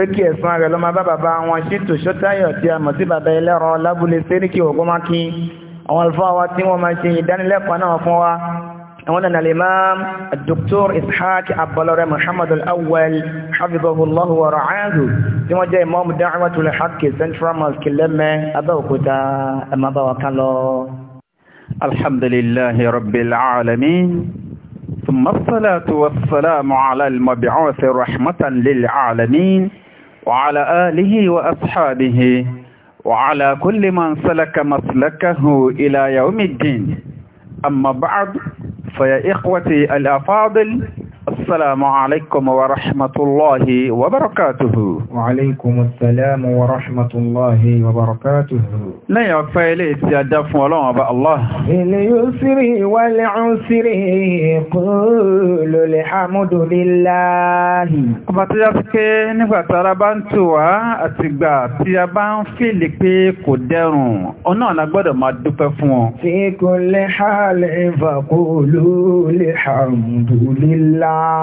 pé kí ẹ̀sùn rẹ̀ ló máa bá bàbá wọn ṣètò ṣótáyọ̀ tí a mọ̀ sí bàbá ẹlẹ́rọ lábúlé séríkì ògbómákí àwọn alfáà wa tí wọ́n máa ṣe ìdánilẹ́kọ̀ọ́ náà fún wa àwọn náà al-imam dr ishaq abbalore muhammad al-awwal hafizahullahu wa ra'ahu tí wọ́n jẹ́ imam da'watul alamin ثم الصلاة والسلام على المبعوث رحمة للعالمين وعلى آله وأصحابه وعلى كل من سلك مسلكه إلى يوم الدين أما بعد فيا إخوتي الأفاضل السلام عليكم ورحمة الله وبركاته وعليكم السلام ورحمة الله وبركاته لا يوفى إليه تيادف ولا الله لليسر والعسر قول الحمد لله ọba tó yá sí pé nígbà tí ara bá ń tù wá àtìgbà tí a bá ń fìlì pé kò dẹrùn ọ̀nà àná gbọ́dọ̀ máa dúpẹ́ fún ọ. fi kulli halin faqulu alhamdulillah.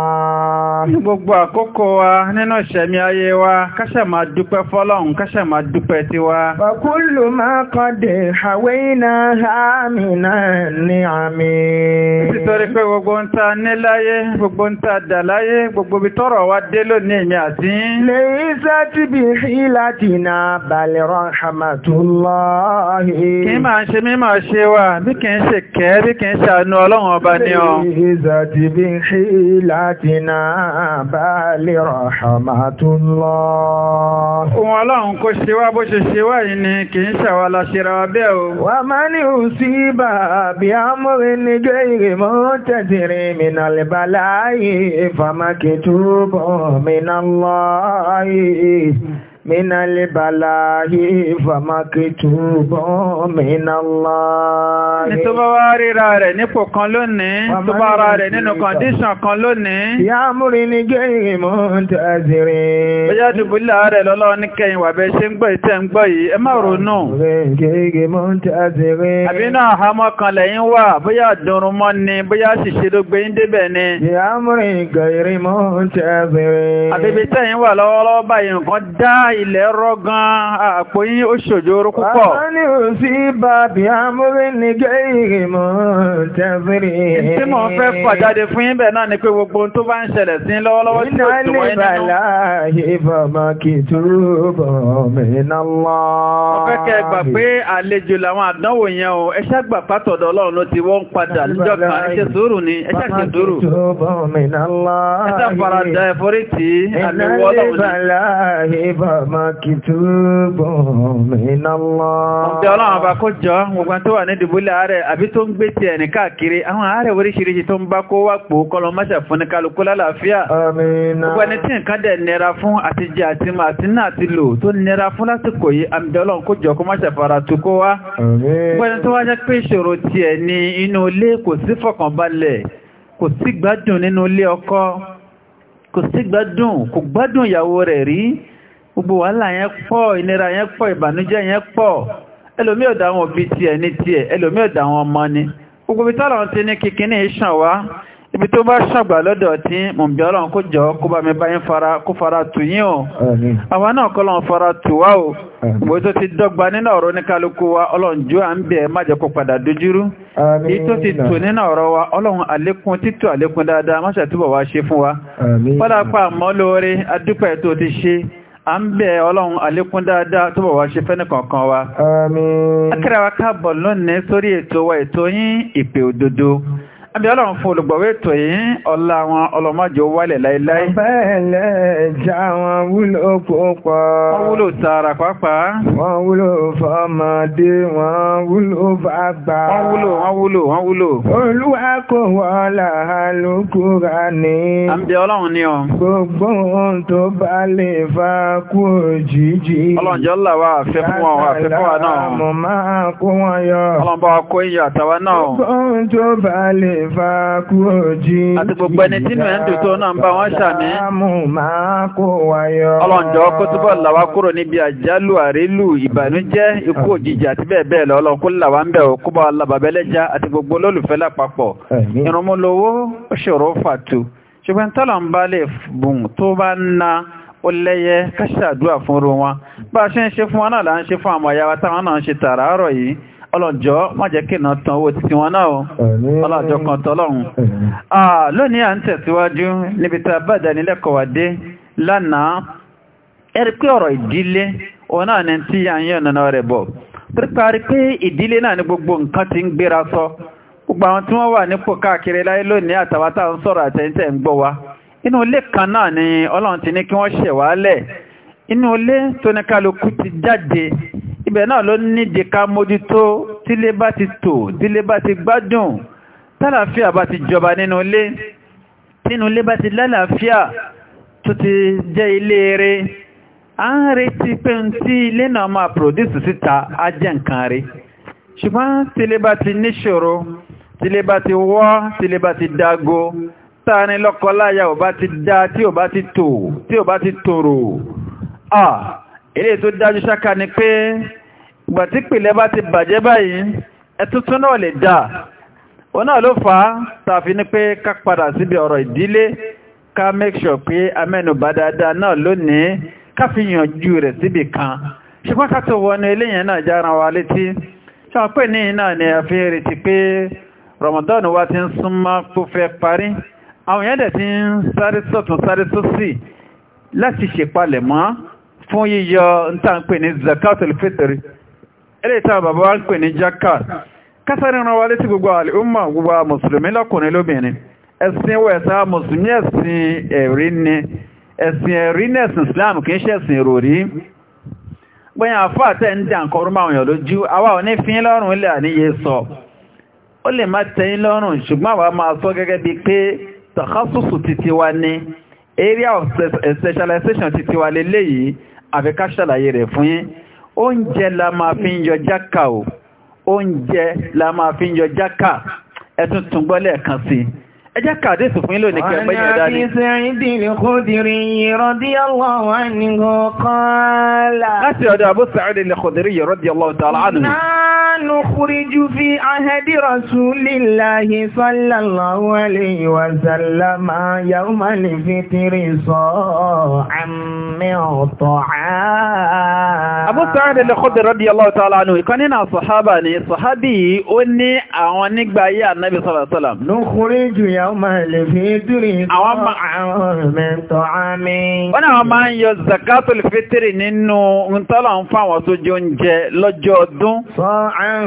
Ní gbogbo àkókò wa nínú ìṣẹ̀mí ayé wa, káṣẹ̀ máa dúpẹ́ fọ́lọ́hun, káṣẹ̀ máa dúpẹ́ ti wa. Fàkúlù máa kọ́dẹ̀ àwẹ́ iná àmìnà ní àmì. Títorí pé gbogbo ń ta ní láyé, gbogbo ń ta dà láyé, gbogbo bí tọ́rọ̀ wa dé lónìí èmi àti. Lè iṣẹ́ tí bí i láti na balẹ̀ rahmatullahi. Kì í máa ṣe mí máa ṣe wa, bí kì í ṣe kẹ́, bí kì í ṣe àánú ọlọ́run ọba ni ọ. Lè iṣẹ́ tí bí i láti àtìná báàlì rahmatullah. wa la kó ṣe wá bó ṣe ṣe wá yìí ni kì í ṣàwà láṣíra bẹ́ o. Wà máa ní òsì bà bí a múrí ní jẹ́ ìrìmọ́ tẹ̀sìrì mìnàlẹ̀bàlá yìí fàmákì mínálé bàlá yìí fàmákì túbọ̀ mínálá ní tó bá wá ríra rẹ̀ nípò kan lónìí tó bá ra rẹ̀ nínú kọ̀ndíṣàn kan lónìí ya múrí ní gẹ́yìn mọ́ tàzírí bóyá dùbúlà rẹ̀ lọ́lọ́ ní kẹyìn wà bẹ́ ṣe ń gbọ́ ìtẹ́ ń gbọ́ yìí ẹ má ronú àbínú àhámọ́ kan lẹ́yìn wà bóyá dùnrún mọ́ ni bóyá ṣìṣe ló gbé ń débẹ̀ ni ya múrí gẹ́yìn ilẹ̀ rọ́ gan àpò yín ó ṣòjòrò púpọ̀. àmọ́ni ò sí bàbí amúrí ní gẹ́rì mọ́ tẹ́fìrì. tí mò fẹ́ fàjáde fún yín bẹ́ẹ̀ náà ni pé gbogbo ohun tó bá ń ṣẹlẹ̀ sí lọ́wọ́lọ́wọ́ tí kò tó wáyé nínú. iná lè bàlá bàbá kì í túbọ̀ mìíràn lọ. mo kẹ́ ẹ gbà pé àlejò làwọn àdánwò yẹn o ẹ ṣá gbà pátọ̀dọ̀ ọlọ́run ti wọ́n padà níjọ́ kan ẹ ṣe sùúrù ni ẹ ṣe maktubun minallah. Ọ̀dẹ́ ọlọ́run bá kó jọ gbogbo tó wà ní dìbúlẹ̀ ààrẹ àbí tó ń gbé ti ẹ̀nì káàkiri àwọn ààrẹ oríṣiríṣi tó ń bá kó wà pò kọlọ mọ́ṣẹ̀ fún ní kálukú lálàáfíà. kò sí gbádùn nínú ilé ọkọ kò sí gbádùn kò gbádùn ìyàwó rẹ̀ rí gbogbo wàhálà yẹn pọ̀ ìnira yẹn pọ̀ ìbànújẹ́ yẹn pọ̀ ẹlòmí ò dá àwọn òbí tiẹ̀ ní tiẹ̀ ẹlòmí ò àwọn ọmọ ni gbogbo ibi tọ́lọ̀ ti ní kíkíní ìṣàn wá ibi tó bá ṣàgbà lọ́dọ̀ tí mọ̀bí ọlọ́run kó jọ kó bá mi bá yín fara o àwọn náà kọ́ lọ́n fara tù o tó ti dọ́gba nínú ọ̀rọ̀ wa ọlọ́run à ń bẹ̀ má jẹ́ kó padà dojúrú èyí tó ti tù wa ọlọ́run àlékún títù àlékún a ń bẹ̀ ọlọ́run àlékún dáadáa tó bọ̀ wá ṣe fẹ́ni kankan wa. àmín. káàbọ̀ lónìí sórí ètò wa ètò yín ìpè òdodo. Àbí ọlọ́run fún olùgbọ̀wé ètò yìí, ọlá àwọn ọlọ́mọ́jọ wálẹ̀ láíláí. Bẹ́ẹ̀lẹ̀ já wọn wúlò púpọ̀. Wọ́n wúlò tààrà pàápàá. Wọ́n wúlò fọmọdé, wọ́n wúlò fàgbà. Wọ́n wúlò, wọ́n wúlò, wọ́n wúlò. Olúwa kò wọ́n làálùkù rà ní. Àbí ọlọ́run ni ọ. Gbogbo ohun tó bá lè fa kú òjijì. Ọlọ́njọ́ là wa náà. Àlàmọ̀ máa kó wọn yọ. Ọlọ́nbọ̀ kó iyọ̀ àtàwa náà. Gbogbo fa kúrò jí. Àti gbogbo ẹni tínú ẹ̀ ń dùtò náà ń bá wọn ṣàmì. Sáàmù máa kó wáyọ. Ọlọ́njọ́ kó túbọ̀ làwá kúrò níbi àjálù àrílù ìbànújẹ́ ikú òjijì àti bẹ́ẹ̀ bẹ́ẹ̀ lọ. Ọlọ́run kó làwá ń bẹ̀ ò kó bá wa làbàbẹ́lẹ́já àti gbogbo olólùfẹ́ lápapọ̀. Ìrùnmúlówó ṣòro fàtú. Ṣùgbọ́n tọ́lọ̀ ń bá lè bùn tó bá ń na ó lẹ́yẹ káṣàdúrà fún ru wọn. Bá a ṣe ń ṣe fún wọn náà là ń ṣe fún àmọ̀ ìyá wa táwọn náà ń ṣe tààrà yìí. ọlọ́jọ́ májẹ́ kìnà tán owó títí wọn náà ọlọ́jọ́ kan tọ́lọ́run lónìí à ń tẹ̀síwájú níbi tí a bá ìdánilẹ́kọ̀ọ́ wà dé lánàá ẹ̀rí pé ọ̀rọ̀ ìdílé òun náà ni tí à ń yẹ̀ ọ̀nà rẹ̀ bọ̀ ìdílé gbogbo nǹkan ti ń gbéra sọ gbogbo àwọn wa ibẹ̀ náà ló nídìí ká mójútó tílé bá ti tò tílé bá ti gbádùn tálàáfíà bá ti jọba nínú ilé tínú ilé bá ti lálàáfíà tó ti jẹ́ ilé eré a ń retí pé ń tí ilé náà máa pòdísù síta á jẹ́ nǹkan rí ṣùgbọ́n tílé bá ti níṣòro tílé bá ti wọ́ tílé bá ti dágo táàrin lọ́kọláya ò bá ti dá tí ò bá ti tò tí ò bá ti tòrò ilé tó dájú ṣáka ni pé ìgbà tí pìlẹ̀ bá ti bàjẹ́ báyìí ẹtútún náà lè dáa ó náà ló fà á tàfi ní pé ká padà síbi ọ̀rọ̀ ìdílé ká make sure pé amẹ́nubà dáadáa náà lónìí ká fi yànjú rẹ̀ síbi kan ṣùgbọ́n ká tó wọnú eléyìn náà jára wa létí ṣàpè ní náà ni a fi retí pé Ramadan wa ti ń súnmọ́ kó fẹ́ parí àwọn yẹn dẹ̀ ti ń sáré sọ̀tún sáré sósì láti ṣèpalẹ̀ mọ́ fún yíyọ ntàǹpè ní zakatul fitr ẹlẹ́ ìta bàbá wa ń pè ní jakat kásáré rán wa létí gbogbo àlùmọ̀ gbogbo mùsùlùmí lọ́kùnrin lóbìnrin ẹ̀sìn wọ̀ ẹ̀sà mùsùlùmí ẹ̀sìn ẹ̀rí ni ẹ̀sìn ẹ̀rí ní ẹ̀sìn Islam kì í ṣe ẹ̀sìn ìròrí gbẹ̀yìn àfọ́ àtẹ́ ń dà nǹkan orúmọ̀ àwòyàn lójú àwa ò ní fi lọ́rùn ilẹ̀ àníyé sọ ó lè má tẹ́yìn lọ́rùn ṣùgbọ́n àwa máa sọ gẹ́gẹ́ bíi pé tọ̀kásùsù titi wa area of specialization titi wa àfi ká ṣàlàyé rẹ̀ fún yín oúnjẹ la máa fi ń yọ jákà o oúnjẹ la máa fi ń yọ ẹjẹ́ kàdé sùfún ilò ní kẹgbẹ́ yẹn dáadé. wọ́n ní sẹ́yìndì lè kó dìrì yìí rọ́dí aláwọ̀ ànìkò kọ́ọ̀lá. láti ọ̀dọ̀ àbú sẹ́yìndì lè kó dìrì yìí rọ́dí aláwọ̀ tààlà ánù. nánú kúrìjú fi ahẹ́dì rasulillahi sallallahu fi tiri sọ àmì ọ̀tọ̀ Wọ́n náà máa ń yọ zakatul fitri nínú ntọ́lọ̀ ń fáwọn tó jẹ oúnjẹ lọ́jọ́ ọdún. Wọ́n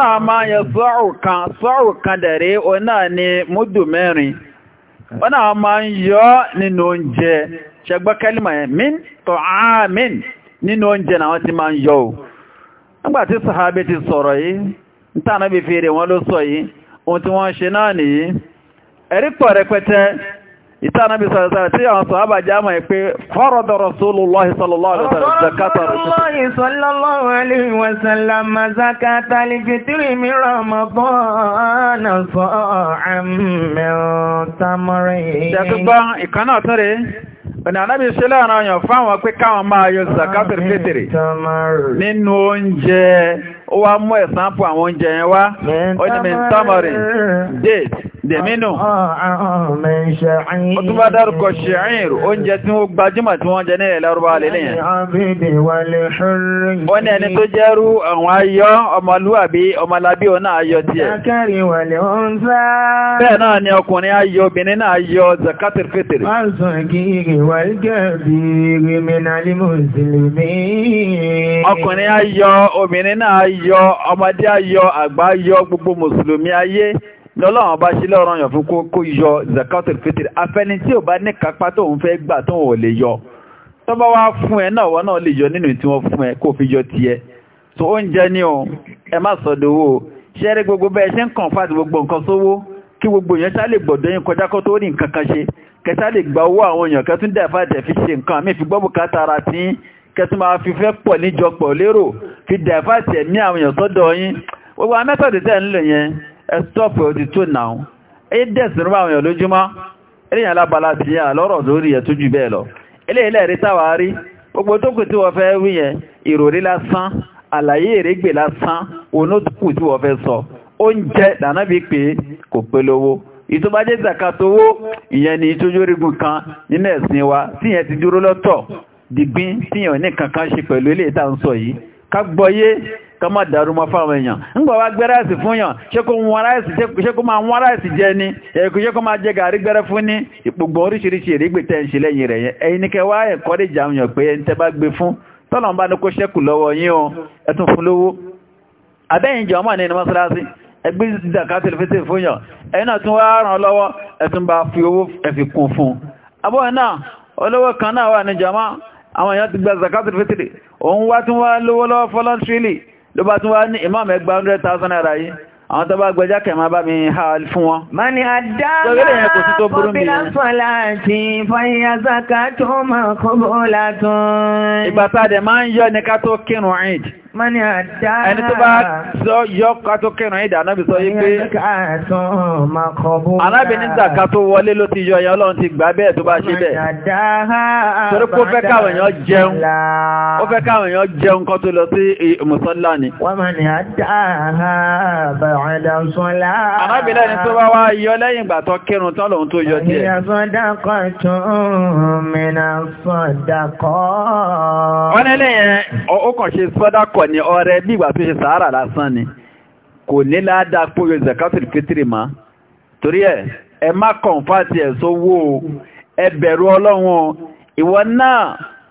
náà máa yọ sọ́ọ̀rù kan, sọ́ọ̀rù kan dẹ̀rẹ́ o náà ni múdù mẹ́rin. Wọ́n náà máa ń yọ nínú oúnjẹ ṣẹgbọ́ kẹ́lìmọ̀ yẹn, min ta'amin nínú oúnjẹ náà wọ́n ti máa ń yọ o. Nígbà tí ti sọ̀rọ̀ yìí, ní tàà náà bí fèrè wọn ló sọ yìí, ohun tí wọ́n ṣe náà nìyí ẹ̀rí pọ̀ rẹpẹtẹ ìtànàbí sọ̀rọ̀sọ̀rọ̀ tí àwọn sọ̀rọ̀ àbájá mọ̀ pé farada Rasulullahi ọ̀nà ànábì ṣe láàrin ọ̀yàn fáwọn pé káwọn máa yọ zakata fitri nínú oúnjẹ ó wá mú ẹ̀sánpù àwọn oúnjẹ yẹn wá ó ní date dẹ̀mínú ó tún bá dárúkọ ṣe'ir oúnjẹ tí ó gbajúmọ̀ tí wọ́n jẹ ní ẹ̀lẹ́rọba lẹ́lẹ́yìn ó ní ẹni tó jẹ́rú àwọn ayọ́ ọmọlúwàbí ọmọlábí ó náà ayọ́ tí ẹ̀ bẹ́ẹ̀ náà ni ọkùnrin ayọ́ obìnrin náà ayọ́ zakatir fitri ọkùnrin ayọ́ obìnrin náà ayọ́ ọmọdé ayọ́ àgbà ayọ́ gbogbo mùsùlùmí ayé lọ́lọ́wọ́n bá ṣe lọ́rọ̀ yàn fún kó yọ zakatul fitr afẹ́ni tí ò bá ní kápá tó ń fẹ́ gbà tó ò lè yọ tó bá wá fún ẹ náà wọ́n náà lè yọ nínú tí wọ́n fún ẹ kó fi yọ tiẹ̀ tó oúnjẹ ní o ẹ má sọ̀dọ̀wọ́ ṣẹ́rí gbogbo bẹ́ẹ̀ ṣe ń kàn fàtí gbogbo nǹkan sówó kí gbogbo èèyàn ṣá lè gbọ̀dọ̀ yín kọjá kó tó ní nǹkan kan ṣe kẹta lè gba owó àwọn èèyàn kẹtún dẹ̀fà fi ṣe nǹkan àmì ìfigbọ́ bùkátà ara tí kẹtún máa fi fẹ́ pọ̀ níjọpọ̀ lérò fi dẹ̀fà ní àwọn èèyàn sọ́dọ̀ yín gbogbo amẹ́tọ̀dẹ̀tẹ̀ ń yẹn ẹ̀stọ́pù ò ti tó náà ẹ dẹ̀sìn rúbà àwọn èèyàn lójúmọ́ eléyàn lábala ti yàn lọ́rọ̀ lórí ẹ̀ tó jù bẹ́ẹ̀ lọ eléyìí lẹ́ẹ̀rí táwàá rí gbogbo tó kù tí wọ́n fẹ́ wí yẹn ìròrí lásán àlàyé èrègbè lásán onótùkù tí wọ́n fẹ́ sọ oúnjẹ dáná bí ni ìtójórígun kan nínú ẹ̀sìn wa tíyẹn ti dúró lọ́tọ̀ dìgbín tíyẹn ò ká gbọ́yé ká má dàrú mọ́ fáwọn èèyàn ń wá gbẹ́rẹ́sì fún yàn ṣé kó máa wọ́n ráìsì jẹ ní ẹ̀kù ṣé kó máa jẹ gàrí gbẹ́rẹ́ fún ní ìpògbò oríṣiríṣi ìrígbè tẹ́ lẹ́yìn rẹ̀ yẹn ní kẹwàá ẹ̀kọ́ lè jà yàn pé bá gbé fún bá ní kó ṣẹ́kù lọ́wọ́ yín o fún lówó àwọn èèyàn ti gba zakatul fitri òun wá tí wọ́n lówó lọ́wọ́ fọ́lọ́nṣílì ló bá tún wá ní imam ẹgbà 100,000 naira yìí àwọn tó bá gbẹjá kẹ̀mọ́ bá mi ha fún wọn. mani àdáwà kọbílá sọ́lá ti fàyà zaka tó máa kọ́bọ́lá tán. ìgbàtà dẹ̀ máa ń mani àdá. ẹni tó bá sọ yọ kátó kẹrin ìdá anábì sọ yí pé anábì ní zaka tó wọlé ló ti yọ ẹ̀yàn ọlọ́run ti gbà bẹ́ẹ̀ tó bá ṣe bẹ́ẹ̀ torí pé ó fẹ́ káwọn èèyàn jẹun ó fẹ́ káwọn èèyàn jẹun kan tó lọ sí eh, mùsọ́lá ni. anábì lẹ́ni tó bá wá yọ lẹ́yìn ìgbà tó kírun tán lòun tó yọ díẹ̀. wọ́n ní lẹ́yìn ó kàn ṣe sọ́dá kọ̀ ní ọrẹ bí ìgbà tó ṣe sàárà lásán ni kò ní ládàá póyò zakatul fitri ma torí ẹ ẹ má kọ̀ǹfàtì ẹ̀ sówó ẹ ọlọ́run ìwọ náà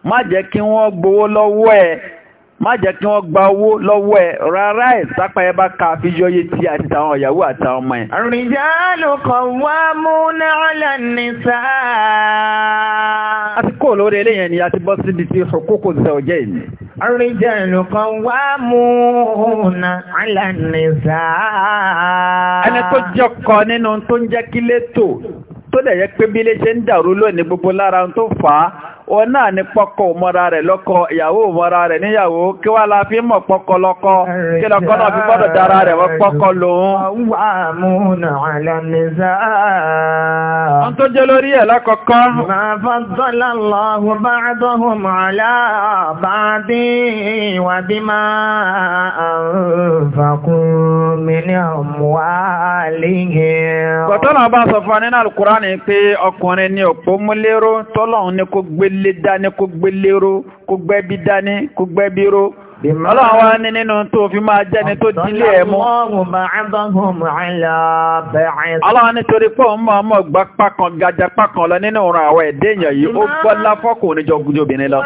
má jẹ́ kí wọ́n gbowó lọ́wọ́ ẹ má jẹ́ kí wọ́n gba owó lọ́wọ́ ẹ̀ rárá ẹ̀ sápá ẹ bá ka fíjọ́yé tí àti tàwọn ìyàwó àtàwọn ọmọ ẹ̀. rìjálù qawwamuna 'ala an-nisaa. àti kó lórí eléyẹn ni a ti bọ́ síbi tí huququ zawjayn Àrìjẹ̀lù kan wá múhùnà alánìsá. Ẹni tó jọkọ nínú tó ń jẹ́ kílé tò tó dẹ̀ yẹ pé bí ilé ṣe ń dàrú lónìí gbogbo lára tó fà á o náà ni pọ́kọ̀ mọ́ra rẹ̀ lọ́kọ ìyàwó mọ́ra rẹ̀ níyàwó kí wá la fi mọ̀ pọ́kọ̀ lọ́kọ kí lọ́kọ náà fi gbọ́dọ̀ dára rẹ̀ wọ́n pọ́kọ̀ lòun. wọ́n tó jẹ́ lórí ẹ̀ lákọ̀ọ́kọ́. máa tọ́nà bá sọ fún wa nínú alukùránì pé ọkùnrin ni òpó múléró tọ́lọ́hun ní kó gbélé dání kó gbéléró kó gbẹ́bí dání kó gbẹ́bí ró Ọlọ́run wá ní nínú tó fi máa jẹ́ni tó dílé ẹ̀mú. Ọlọ́run nítorí pọ̀ ń máa mọ̀ gbá pákan gajà pákan lọ nínú ọ̀rọ̀ àwọn ẹ̀dẹ́ èèyàn yìí ó gbọ́ láfọ́kùn níjọ gúdú obìnrin lọ.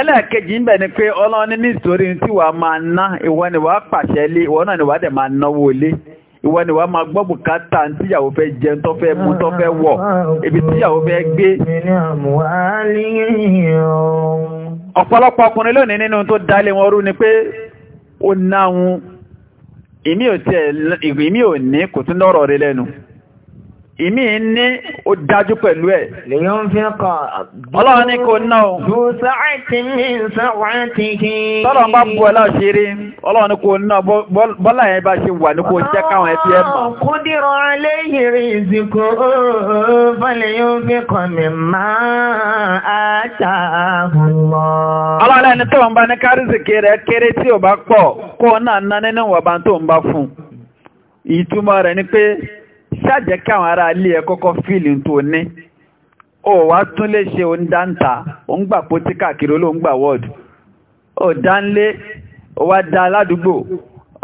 Ẹlẹ́ẹ̀kejì ń bẹ̀ ni pé ọlọ́run ní nítorí tí wàá máa ná ìwọ ni pàṣẹ lé ìwọ náà ni wàá dẹ̀ máa náwó lé ìwọ ni wà máa gbọ́ bùkátà tí ìyàwó fẹ́ jẹ tó fẹ́ mú tó fẹ́ wọ̀ ibi tí ìyàwó fẹ́ gbé. ọ̀pọ̀lọpọ̀ ọkùnrin lónìí nínú tó dálé wọn rú ni pé ó náà ìmí ò ní kò tún lọ́rọ̀ rẹ lẹ́nu. ìmí ní ó dájú pẹ̀lú ẹ̀. lèyàn fi kọ́ ọlọ́run ní kò o. sáwà ti kí. tọ́lọ̀ bá bu ọlá òṣèré ọlọ́run ní kò bọ́lá yẹn bá ṣe wà ní kò jẹ́ káwọn ẹbí ẹ mọ̀. kó dìrọ̀ ìsìnkú fi kọ́ mi máa bá ní kéré tí bá pọ̀ kó náà nínú ṣáàjẹ́ kí àwọn ará ilé ẹ kọ́kọ́ fíìlì tó ní ó wá tún lè ṣe òun dáńtà òun gbà pótí káàkiri olóhùn gbà wọ́ọ̀dù ó dánlé ó wá dá aládùúgbò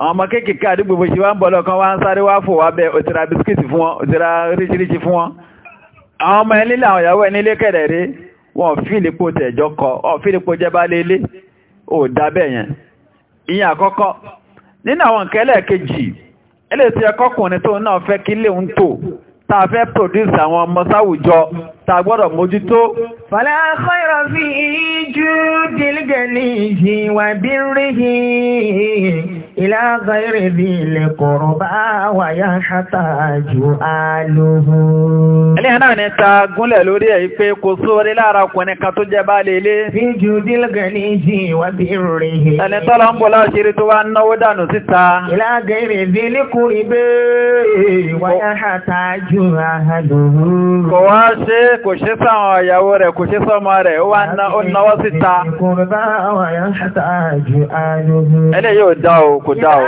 àwọn ọmọ kéékèèké àdúgbò bó ṣe wá ń bọ̀ lọ́kàn wá ń sáré wá fò wá bẹ òtìrà bisikíìtì fún wọn òtìrà oríṣiríṣi fún wọn àwọn ọmọ ẹni làwọn ìyàwó ẹni lé kẹ̀rẹ̀ rí wọn fíìlì po tẹ̀jọ́ kọ ọ fíìlì po jẹ́ bá lélé ò dábẹ̀ yẹn ìyẹn àkọ́kọ́ nínú àwọn nǹkan ẹlẹ́ẹ̀kejì eléyìí tó yẹ kọ́kùnrin tóun náà fẹ́ kí léun tò tá a fẹ́ produce àwọn ọmọ sáwùjọ ta gbọ́dọ̀ mójútó. Fala khayra fi wa birrihi ila ghayri dhil qurba wa yahtaju aluhu. Ẹlẹ́yìn náà ni ta gúnlẹ̀ lórí ẹ̀ pé kò sóore lára ọkùnrin kan tó jẹ bá wa birrihi. Ẹni tọ́lọ ń bọ̀ láṣírí tó wá náwó dànù síta. Ila ghayri dhil qurba wa yahtaju aluhu. Kò wá ṣe é kò ṣe sáwọn ìyàwó rẹ̀ kò ṣe sọ́mọ rẹ̀ ó wá náwó síta ẹlẹ́ yóò dá o kò dá o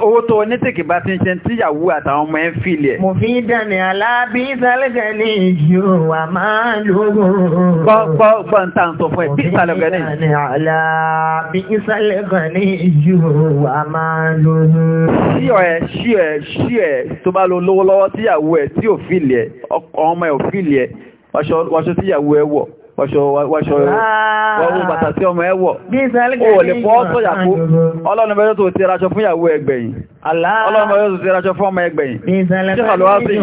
owó tó ní bá ti ń ṣe tíyàwó àtàwọn ọmọ ẹ̀ ń fi dẹni gbọ́n tá ń sọ fún ẹ̀ bí sálẹ́gẹ̀ ní wà máa lóòrò sí ọ̀ ẹ̀ sí ẹ̀ ṣí ẹ̀ tó bá lo lówó lọ́wọ́ tíyàwó ẹ̀ tí ò fìlì ẹ̀ ọmọ ẹ̀ ò fìlì ẹ̀ wáṣọ tíyàwó ẹ̀ wọ̀ wọ́ṣọ́ wọ́wọ́ ah. bàtà tí ọmọ ẹ wọ̀ o lè fọ́ sọ́yà kú ọlọ́run bẹ́ẹ̀ tó ti raṣọ fún ìyàwó ẹgbẹ̀yìn ọlọ́run bẹ́ẹ̀ tó ti raṣọ fún ọmọ ẹgbẹ̀yìn tí kàlọ́wá sí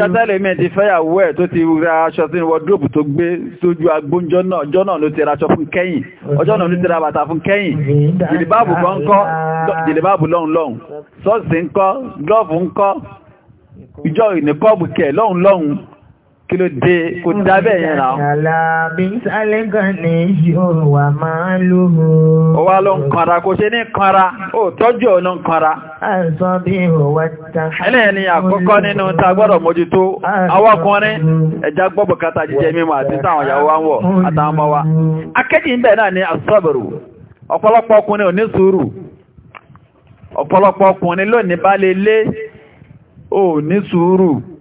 jẹ́tẹ́lẹ̀ mi ti fẹ́yàwó ẹ̀ tó ti raṣọ sí wọ́dúrópù tó gbé sójú agbóúnjọ́ náà ọjọ́ náà ló ti raṣọ fún kẹ́yìn ọjọ́ náà ló ti ra bàtà fún kẹ́yìn jìlìbáàbù kan kọ́ jìlìbáàbù lọ́hùn lọ́hùn sọ́ọ̀sì ń kọ́ glọ́ọ̀fù ń kọ́ ìjọ ìnìkọ́ọ̀bù kẹ̀ lọ́hùn lọ́hùn kí ló dé kò dábẹ̀ yẹn náà. Ó wá ló ń kò ṣe ní kanra, ó tọ́jú ọ̀nà ń ẹlẹ́ni nínú ta gbọ́dọ̀ mójútó, awọ́kùnrin, ẹja gbọ́bọ̀ kata jíjẹ mímọ̀ àti táwọn ìyàwó wa ń wọ̀ àtàwọn Akẹ́jì ni ọ̀pọ̀lọpọ̀ ọkùnrin sùúrù, ọ̀pọ̀lọpọ̀ ọkùnrin lónìí bá lè lé,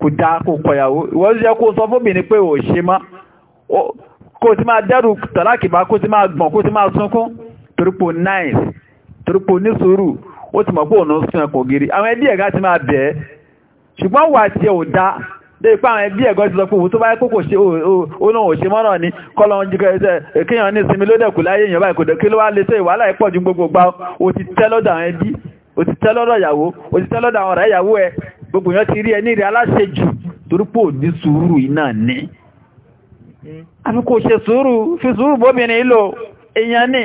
kò dá kò kọ̀yàwó ìwọ́n jẹ́ kó sọ fóbìnrin pé ò ṣe mọ́ kó ti máa dẹ́rù tàlákìbá kó ti máa gbọ̀n kó ti máa sunkún torípo nice torípo nísòrò ó ti mọ̀ pé òun sun ẹkọ̀ gírí àwọn ẹbí ẹ̀gá ti máa bẹ̀ẹ́ ṣùgbọ́n wà tí ẹ ò dá débi pé àwọn ẹbí ẹ̀gọ́ ti sọ pé òun tó bá kókò ṣe òun ò ṣe mọ́nà ni kọ́lọ́ kéèyàn ní sinmi ló dẹ̀kù láyé èèyàn báyìí kò dẹ̀ kí ló wá lè ṣe ìwàhálà ìpọ̀jù gbogbo gbá o ti tẹ́ lọ́dọ̀ àwọn ẹbí o ti tẹ́ lọ́dọ̀ ìyàwó o ti tẹ́ lọ́dọ̀ àwọn ọ̀rẹ́ ìyàwó ẹ gbogbo yẹn ti rí ẹni rí aláṣejù torípò ní sùúrù iná ní àfi kò ṣe sùúrù fi sùúrù bóbìnrin lò èèyàn ní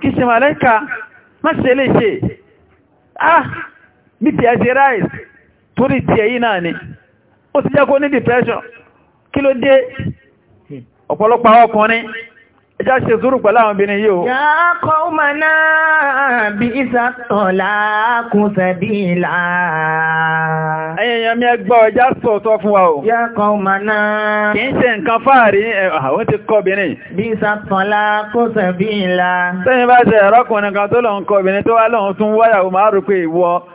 kí ṣe màlẹ́ka má ṣe lè ṣe ah bí ti ẹ̀ ti ráìsì torí ti ẹ̀yí náà ni ó ti jẹ́ kó ní depression kí ló dé ọ̀pọ̀lọpọ̀ ọkùnrin ẹjá ṣe zúrù pẹ̀lú àwọn obìnrin yìí o. yàkọ̀ mọ̀nà bí ìsàtọ̀lá kún sẹ́bí ìlà. ẹ̀yìn èèyàn mi ẹgbọ́ ẹjá sọ̀tọ̀ fún wa o. yàkọ̀ mọ̀nà. kì í ṣe nǹkan fáàrí àwọn ti kọ́ obìnrin. bí ìsàtọ̀lá kún sẹ́bí ìlà. sẹ́yìn bá ṣe ẹ̀rọ́kùnrin kan tó lọ́n kọ́ obìnrin tó wá lọ́n tún wáyàwó máa rò pé ìwọ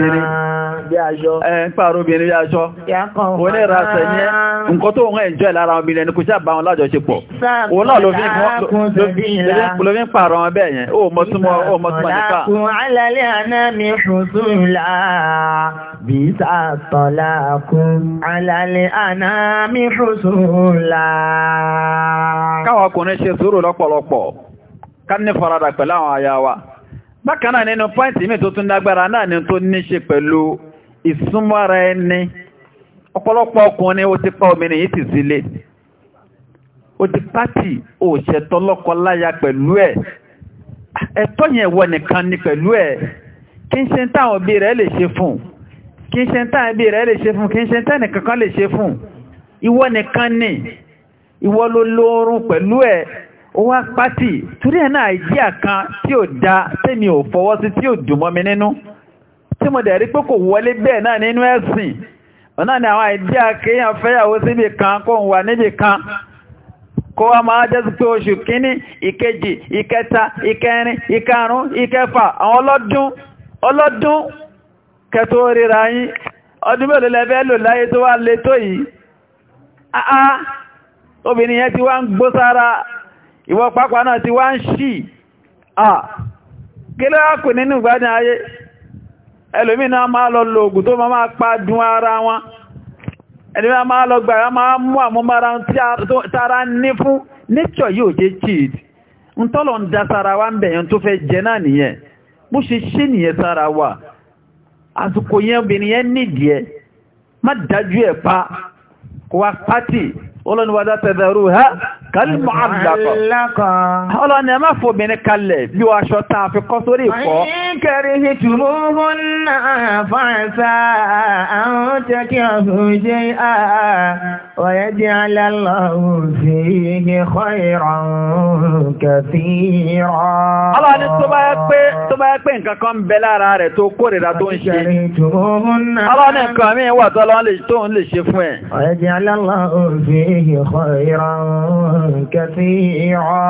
Ah, obìnrin bí aṣọ pààrọ̀ obìnrin bí aṣọ onírasẹ̀ ní nǹkan tó wọ́n ẹ̀jọ́ lára obìnrin ẹni kò sí àbáwọn lájọṣepọ̀ òun náà ló fi ń pààrọ̀ wọn bẹ́ẹ̀ yẹn ó mọ́túnmọ́ ó mọ́túnmọ́ nípa. ìsàkùn alálẹ́ àná mi ṣùṣùn là bí sàtọ̀lá kún alálẹ́ àná mi ṣe sùúrù lọ́pọ̀lọpọ̀ ká ní farada pẹ̀lú àwọn aya bákanáà nínú pọ́ìntì mi tó tún lágbára náà ni tó ní ṣe pẹ̀lú ìsúnmọ́ra ẹni ọ̀pọ̀lọpọ̀ ọkùnrin ó ti pa obìnrin yìí ti sílé ó ti pátì òṣètọ́ lọ́kọláya pẹ̀lú ẹ̀ ẹ̀tọ́ yẹn wọ nìkan ni pẹ̀lú ẹ̀ kí n ṣe táwọn òbí rẹ̀ lè ṣe fún kí n ṣe táwọn òbí rẹ̀ lè ṣe fún kí n ṣe tẹ́nìkankan lè ṣe fún ìwọ nìkan ni ìwọ ló lóorun pẹ̀lú ẹ̀ ó wá pátì torí ẹ̀ náà àìjíà kan tí ò da tẹ́mi ò fọwọ́ sí tí ò dùn mi nínú tí mo dẹ̀ rí pé kò wọlé bẹ́ẹ̀ náà nínú ẹ̀sìn ọ̀nà ni àwọn àìjíà kéèyàn fẹ́yàwó síbi kan kó ń wà níbi kan kó wá máa jẹ́ sí pé oṣù kínní ìkejì ìkẹta ìkẹrin ìkarùn ìkẹfà àwọn ọlọ́dún ọlọ́dún kẹtó ríra yín ọdún mélòó lẹ́fẹ́ lò láyé tó wá le tó yìí obìnrin yẹn ti wá ń gbó sára ìwọ pápá náà ti wá ń ṣì à kí ló wá kù nínú ìgbádùn ayé ẹlòmínà máa lọ lo ògùn tó máa pa dùn ara wọn ẹlòmínà máa lọ gbàrá máa mú àmúmára tara ní fún nature yóò jẹ́ cheat ń tọ́lọ̀ ń da sára wa ń bẹ̀yàn tó fẹ́ jẹ náà nìyẹn bó ṣe ṣe nìyẹn sára wa àsìkò yẹn obìnrin yẹn nídìí ẹ má dájú pa wá pátì ó ha kálùmọ̀ àdàkọ̀. ọlọ́ni ẹ má fòbìnrin kalẹ̀ bí wọ́n aṣọ tán fi kọ́ sórí ìfọ́. kẹrì sí tùmúhùn náà fàǹsà àwọn tẹ́kí ọ̀hún jẹ́ àwọ̀yẹ́ jẹ́ alálọ́hùn sí igi kọ́ ìrọ̀rùn kẹfì rọ̀. ọlọ́ni tó bá yẹ pé nǹkan kan bẹ lára rẹ̀ tó kórìíra tó ń ṣe. ọlọ́ni nǹkan mi wà tó ń lè ṣe fún ẹ̀. ọ̀yẹ́ jẹ́ alálọ́hùn sí igi kọ́ ìrọ̀rùn كثيرا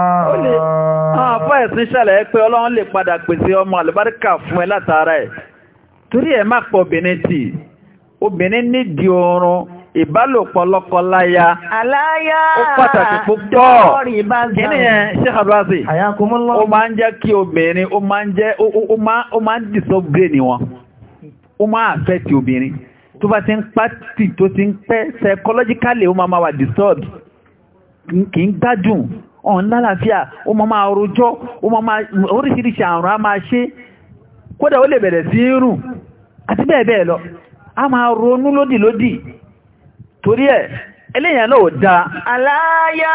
Àfọ́ ẹ̀sìn ṣàlẹ̀ pé Ọlọ́run lè padà pèsè ọmọ àlùbáríkà fún ẹ látara ẹ̀. Torí ẹ má pọ̀ obìnrin tì, obìnrin nídìí oorun, ìbálòpọ̀ lọ́kọláya. Àláyá ó pàtàkì púpọ̀. Kí ni ẹ ṣe àbúrásì? Ó máa ń jẹ́ kí obìnrin, ó máa ń jẹ́, ó máa ń dìsọ́gbé wọn. Ó máa àfẹ́ ti obìnrin. Tó bá ti ń pátì tó ti ń pẹ́ psychologically ó máa wà disturbed kì í gbádùn ọ̀n lálàáfíà ó mọ́ máa rojọ́ ó mọ́ máa oríṣiríṣi àrùn a máa ṣe kódà ó lè bẹ̀rẹ̀ sí rùn àti bẹ́ẹ̀ bẹ́ẹ̀ lọ a máa ronú lódìlódì torí ẹ̀ eléyàn náà dá. aláyà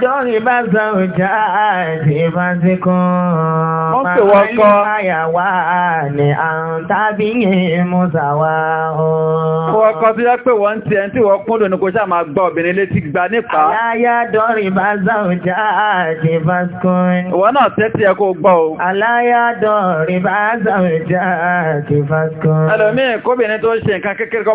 dọ́rin bá sọ̀rọ̀ já àti fásikún. wọ́n pè wọ́n kọ́. àyàwá ni àrùn tàbí yìnyín musa wá o. wọ́n kọ́ tó yẹ pé wọ́n ti ẹni tí wọ́n kún lónìí kò sáà máa gba obìnrin létí gba nípa. aláyà dọ́rin bá sọ̀rọ̀ já àti fásikún. ìwọ náà tẹ́tí ẹ kó gbọ́ o. aláyà dọ́rin bá sọ̀rọ̀ já àti fásikún. ẹlòmíì kóbìnrin tó ń ṣe nǹkan kékeré kọ́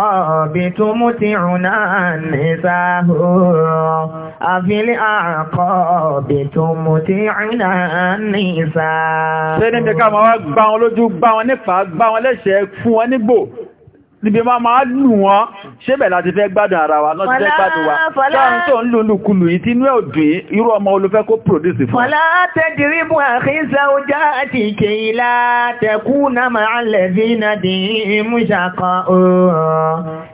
الأعقاب تمتعنا النساء أفي الأعقاب تمتعنا النساء níbi máa máa lù wọ́n ṣébẹ̀ láti fẹ́ gbádùn ara wa lọ́ti fẹ́ gbádùn wa ṣáàrùn tó ń lò lùkulù yìí tí inú ẹ̀ òdùn irú ọmọ olùfẹ́ kó pòdúsì fún wọ́n látẹ́dìrímù àkíńsà ojá àti ìkèyìlá tẹkúnà máa lẹ̀dínà dì í mú ṣàkọ́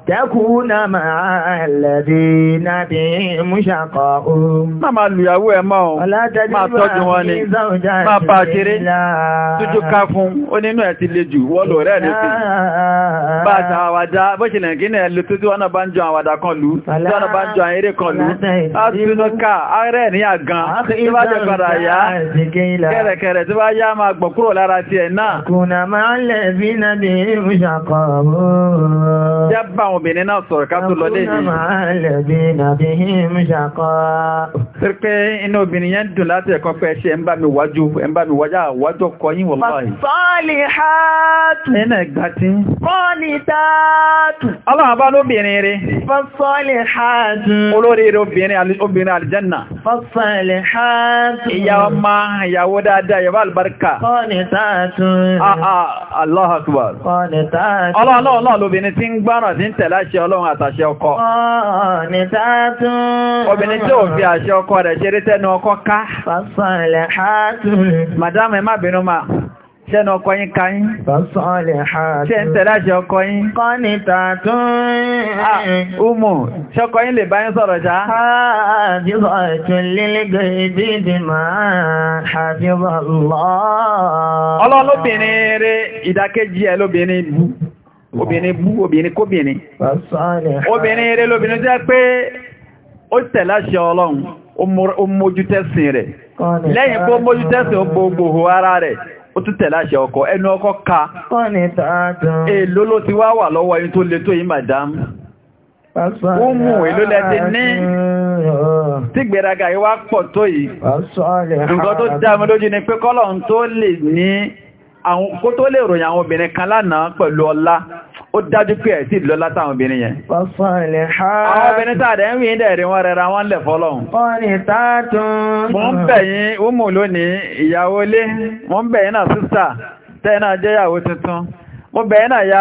tẹkúnà máa lẹ̀dínà dì í mú ṣàkọ́ má máa lùyàwó ẹ̀ mọ́ ọ máa tọ́jú wọn ni máa bá kéré tójú ká fún ó nínú ẹ̀ ti le jù wọ́lọ̀ rẹ̀ ní sí bá àwàdá bó ṣe nàìjíríà ẹ̀lú tó tí wọ́n bá ń jọ àwàdá kan lú tí wọ́n bá ń jọ eré kan lú átúnúká ààrẹ ní àgán tí bá jẹ padà yá kẹ́rẹ̀kẹ́rẹ̀ tí bá yá máa gbọ̀ kúrò lára ti ẹ̀ náà kùnà máa ń lẹ̀ bí nàbí ìmúṣàkọ̀ tààtù. Iná ìgbà tí. Kọ́ni tààtù. Ọlọ́run bá lóbìnrin rí. Fọ́sọ́lẹ̀ hàtù. Olórí rí obìnrin aljanna. Fọ́sọ́lẹ̀ hàtù. Ìyá ọmọ ìyàwó akbar. Kọ́ni tààtù. Ọlọ́run náà lóbìnrin tí ń gbọ́ràn tí ń tẹ̀lé àṣẹ ọlọ́run àtàṣẹ ọkọ. Kọ́ni tààtù. Obìnrin tí ò fi àṣẹ ọkọ rẹ̀ ṣeré tẹ́nu ọkọ ká. máa. Ṣẹ́nu ọkọ yín ka yín. Sọ́sọ́lẹ̀ ha tún. Ṣé ń tẹ̀lá ṣe ọkọ yín? Kọ́ni tàtún. Ah, Umu, ṣọkọ yín lè bá yín sọ̀rọ̀ ṣá? Àjíbọ̀ ẹ̀tún lílégẹ̀ ibi ìdìmọ̀ àjíbọ̀ lọ. Ọlọ́run lóbìnrin rẹ̀ ìdákejì ẹ̀ lóbìnrin bú. Obìnrin bú, obìnrin kóbìnrin. Sọ́sọ́lẹ̀ ha. Obìnrin rẹ̀ lóbìnrin jẹ́ pé ó tẹ̀lá ṣe ọlọ́run, ó mójú tẹ́sìn rẹ̀. Lẹ́yìn pé ó mójú tẹ́sìn gbogbo ara rẹ̀. ó tún tẹ̀lé ọkọ ẹnu ọkọ ka elu ló ti wá wà lọ́wọ́ yín tó le tó yín madam ó mú èló ni ní tí gbèrágà yíwá pọ̀ tó yìí nǹkan tó dámi lójú ni pé kọ́lọ̀ tó lè ní kó tó lè kan lánàá pẹ̀lú ọlá ó dájú pé ẹ̀sí lọ látàwọn obìnrin yẹn. Àwọn obìnrin tààdẹ̀ ń rìn dẹ̀rin wọ́n rẹra wọ́n lẹ̀ fọ́lọ́hun. Fọ́nì tààtùn. Mo ń bẹ̀ lónìí, ìyàwó lé, mo ń náà sísà, tẹ́ náà tuntun. Mo bẹ̀ náà ya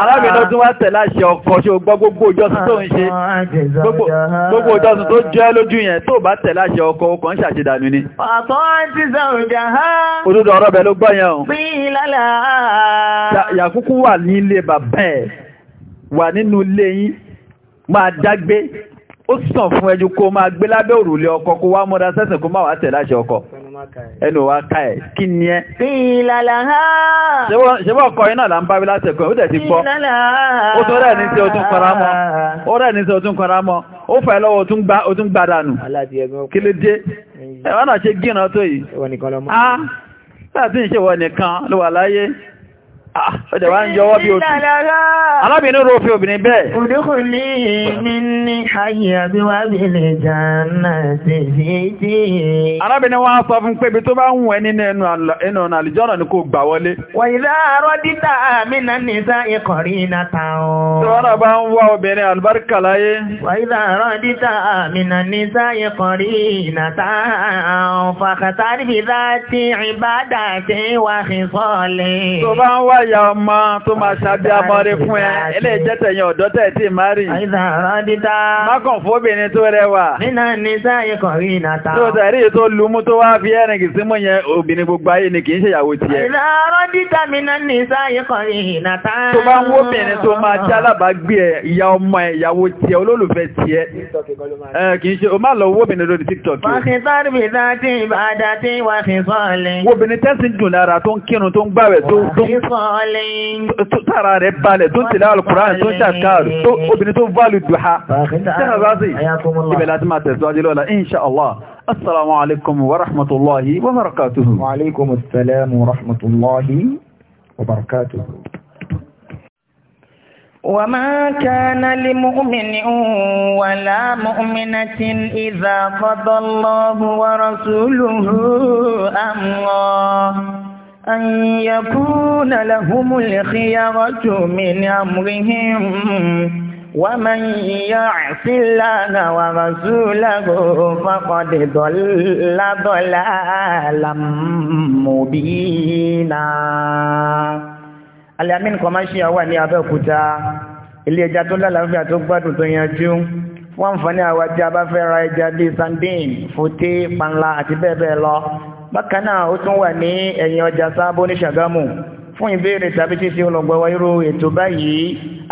arábìnrin tó wá ah. tẹ̀ láṣẹ ọkọ ṣe gbọ́ gbogbo ìjọsìn tó ń ṣe ah, ah, gbogbo ìjọsìn tó jẹ́ lójú yẹn tó bá tẹ̀ láṣẹ ọkọ ọkọ ń ṣàṣedànù ni. ọ̀tọ́ ti sọ̀rọ̀jà ha ẹnu wa ká ẹ̀ kí ni ẹ́ sí ìlàlá ṣebọ́ ọkọ̀ iná là ń bá wílá tẹ̀kọ́ ó tẹ̀sí gbọ́ ó tó rẹ̀ ní sí ọdún kọramọ́ ó rẹ̀ ní sí ọdún kọramọ́ ó fẹ́ lọ́wọ́ ó tún gbádànù kí ló dé ẹ̀wọ́n náà ṣe gíràn tó yìí ọdẹ̀ ah, wá ń yọwọ́ bí òtù alábìnrin rò fi obìnrin bẹ́ẹ̀ òdúkù ní ní ní ayé àbíwábìlẹ̀ jàánà sí sí sí alábìnrin wá sọ fún pé ibi tó bá ń wẹ nínú ẹnu ọ̀nà àlìjọ́nà ní kò gbà wọlé wàyílá arọ́ dítà àmìnà nìta ikọ̀rí iná tàun tọ́rọ bá ń wá obìnrin àlùbáríkà láyé wàyílá arọ́ dítà àmìnà nìta wà ya ọmọ tó máa ṣàbí amọ́rí fún ẹ ilé ìjẹ́tẹ̀yìn ọ̀dọ́ tẹ̀ tí máa rí. àìsàn dídá. tó rẹwà. nínà ní sáyé kan rí tó tẹ̀rí tó lumú tó wá fi ẹ̀rìn tó máa jẹ́ alábàágbé ẹ̀ ìyá ọmọ ìyàwó tiẹ̀ olólùfẹ́ tiẹ̀. kì ṣe o máa lọ wóbìnrin lórí TikTok. wọ́n ti tara rẹ̀ balẹ̀ tó ń tẹ̀lé alukuran tó ń ṣàkàrù tó obìnrin tó válù dùhá tẹ́nà rásì ibẹ̀ láti máa tẹ̀síwájú lọ́la insha Allah assalamu alaikum wa rahmatullahi wa barakatuhu wa alaikum assalam wa rahmatullahi wa barakatuhu وما كان لمؤمن ولا مؤمنة إذا قضى الله ورسوله أمرا أن يكون لهم الخيرة من أمرهم ومن يعص الله ورسوله فقد ضل ضلالا مبينا Al-Amin Commercial wà ní Abẹ́òkúta ilé ẹja tó lálàáfíà tó gbádùn tó yanjú fún àǹfààní àwọn ajá bá fẹ́ ra ẹja bíi sandin fòté panla àti bẹ́ẹ̀ bẹ́ẹ̀ lọ bákan náà ó tún wà ní ẹ̀yìn ọjà sábó ní ṣàgámù fún ìbéèrè tàbí títí olùgbọ̀wọ́ irú ètò báyìí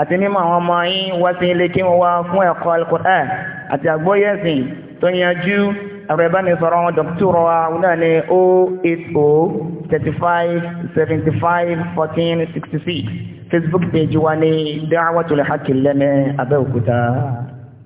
àti mímọ̀ àwọn ọmọ yín wá sí ilé kí wọ́n wá fún ẹ̀kọ́ Al-Qur'an àti àgbóyẹ̀sìn tó yanjú àrẹ̀bánisọ̀rọ̀ àwọn dọ̀kítọ̀rọ̀ ní 080 Facebook page wa ní Da'watul Haqq lẹ́mẹ́ Abẹ́òkúta.